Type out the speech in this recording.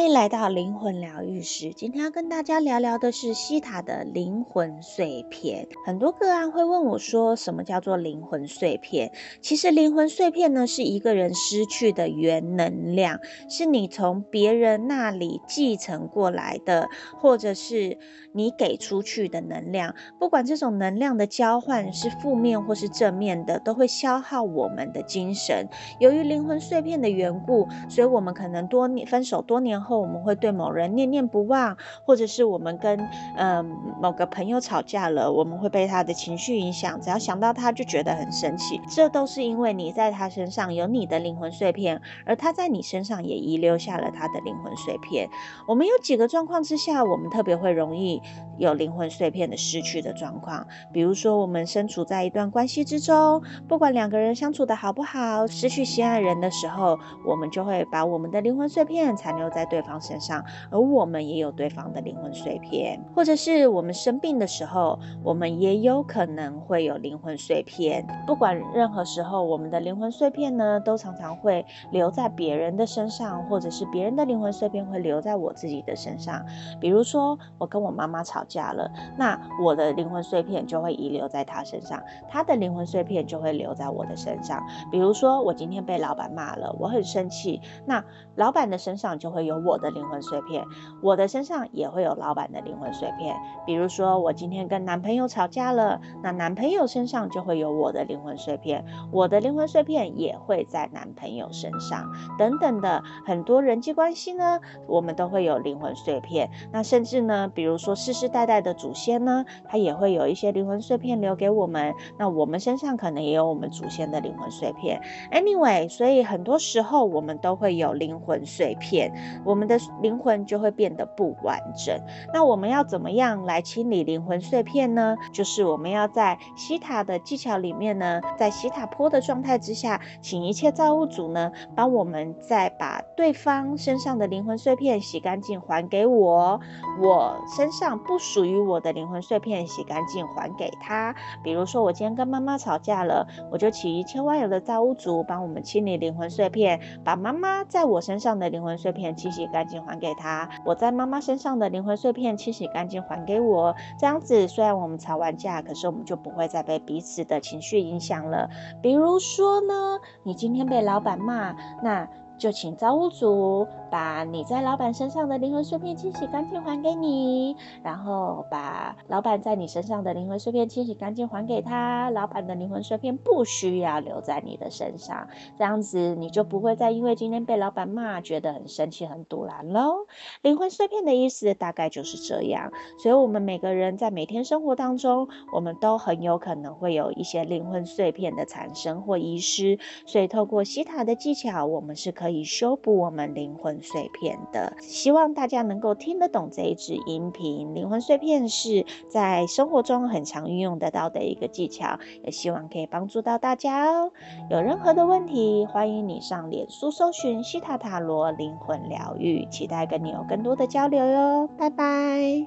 歡迎來到靈魂療癒室。今天要跟大家聊聊的是希塔的靈魂碎片。很多個案會問我說：“什麼叫做靈魂碎片？”其實靈魂碎片呢，是一個人失去的原能量，是你從別人那裡繼承過來的，或者是你給出去的能量。不管這種能量的交換是負面或是正面的，都會消耗我們的精神。由於靈魂碎片的緣故，所以我們可能多年分手多年後。後我們會對某人念念不忘，或者是我們跟嗯、呃、某個朋友吵架了，我們會被他的情緒影響，只要想到他就覺得很生氣。這都是因為你在他身上有你的靈魂碎片，而他在你身上也遺留下了他的靈魂碎片。我們有幾個狀況之下，我們特別會容易有靈魂碎片的失去的狀況，比如說我們身處在一段關係之中，不管兩個人相處得好不好，失去心愛人的時候，我們就會把我們的靈魂碎片殘留在。對方身上，而我們也有對方的靈魂碎片，或者是我們生病的時候，我們也有可能會有靈魂碎片。不管任何時候，我們的靈魂碎片呢，都常常會留在別人的身上，或者是別人的靈魂碎片會留在我自己的身上。比如說，我跟我媽媽吵架了，那我的靈魂碎片就會遺留在她身上，她的靈魂碎片就會留在我的身上。比如說，我今天被老板罵了，我很生氣，那老板的身上就會有。我的靈魂碎片，我的身上也會有老闆的靈魂碎片。比如說，我今天跟男朋友吵架了，那男朋友身上就會有我的靈魂碎片，我的靈魂碎片也會在男朋友身上，等等的。很多人際關係呢，我們都會有靈魂碎片。那甚至呢，比如說世世代代的祖先呢，他也會有一些靈魂碎片留給我們。那我們身上可能也有我們祖先的靈魂碎片。Anyway，所以很多時候我們都會有靈魂碎片。我們的靈魂就會變得不完整。那我們要怎麼樣來清理靈魂碎片呢？就是我們要在希塔的技巧裡面呢，在希塔坡的狀態之下，請一切造物主呢幫我們再把對方身上的靈魂碎片洗乾淨還給我，我身上不屬於我的靈魂碎片洗乾淨還給他。比如說我今天跟媽媽吵架了，我就請一切萬有的造物主幫我們清理靈魂碎片，把媽媽在我身上的靈魂碎片清洗，洗乾淨還給他，我在媽媽身上的靈魂碎片清洗乾淨還給我，這樣子雖然我們吵完架，可是我們就不會再被彼此的情緒影響了。比如說呢，你今天被老板罵，那。就請造物主把你在老闆身上的靈魂碎片清洗乾淨還給你，然後把老闆在你身上的靈魂碎片清洗乾淨還給他。老闆的靈魂碎片不需要留在你的身上，這樣子你就不會再因為今天被老闆罵覺得很生氣，很堵爛咯。靈魂碎片的意思大概就是這樣，所以我們每個人在每天生活當中，我們都很有可能會有一些靈魂碎片的產生或遺失，所以透過希塔的技巧，我們是可以。可以修補我們靈魂碎片的，希望大家能夠聽得懂這一支音頻。靈魂碎片是在生活中很常運用得到的一個技巧，也希望可以幫助到大家哦。有任何的問題，歡迎你上臉書搜尋希塔塔羅靈魂療癒，期待跟你有更多的交流喲。拜拜。